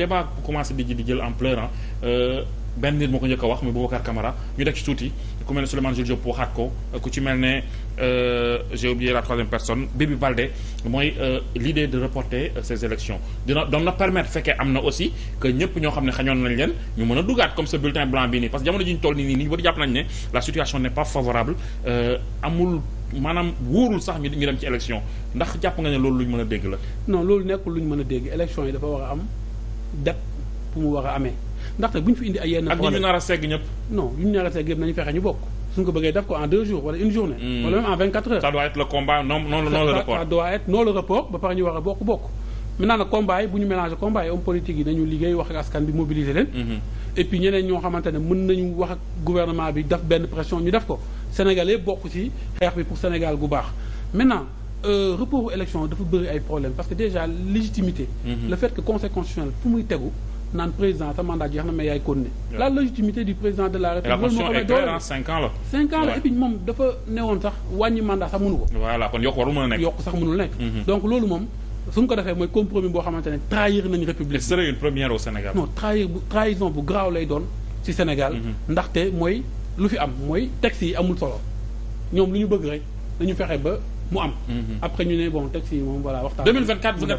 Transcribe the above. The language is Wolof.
un bu commencé di jël en pleurant euh, benn nit moo ko njëkk a wax muy Boubacar Camara ñu teg ci tuuti ku mel ne Souleymane Jules Diop waxaat ko ku ci mel ne euh, j'ai oublié la troisième personne Bibi Baldé mooy euh, l'idée de reporter ces élections dina doon na permettre fekkee am na aussi que ñëpp ñoo xam ne xañoon nañ leen ñu mën a dugaat comme ce bulletin blanc bi nii parce que jamono ji ñu toll nii nii ñu bari jàpp nañ ne la situation n'est pas favorable amul maanaam wóorul sax ñu dem ci ndax jàpp nga ne loolu lu ñu mën a dégg la non loolu nekkul lu ñu mën a dégg élection yi dafa am date pour mu war a amee ndaxte bu ñu fi indi ay yenn. problème ak ñu nar a segg ñëpp. non ñu nar segg ñëpp nañu fexe ñu bokk suñu ko bëggee def ko en deux jours wala une journée. Hmm. wala même en vingt quatre heures. ça doit être combat non non non le report. ba pare ñu war a bokk bokk. maintenant combat bu ñu mélanger combat yi homme politique yi nañu liggéey wax ak askan bi mobiliser leen. Hmm. et puis ñeneen ñoo xamante ne mën nañu wax ak gouvernement bi daf benn pression ñu def ko Sénégalais bokk ci xeex bi pour Sénégal gu baax maintenant Euh, report élection dafa bëri ay problème parce que déjà légitimité mhm. le fait que conseil constitutionnel fu muy tegu naan président sa mandat jeex na mais yaay continuer la légitimité du président de la république loolu moo koy doole moom dafa newoon sax wàññi mandat sax mënu ko voilà kon yokk warul mën a nekk yokk sax mënul nekk mhm. donc loolu moom suñ ko defee mooy compromis boo xamante ne trahir nañu république ce serait une première au Sénégal non trahir bu trahison bu graaw lay doon ci Sénégal mhm. ndaxte mooy lu fi am mooy texte yi amul solo ñoom lu ñu bëgg rek dañu fexe ba mu am. Mm-hmm. après ñu ne bon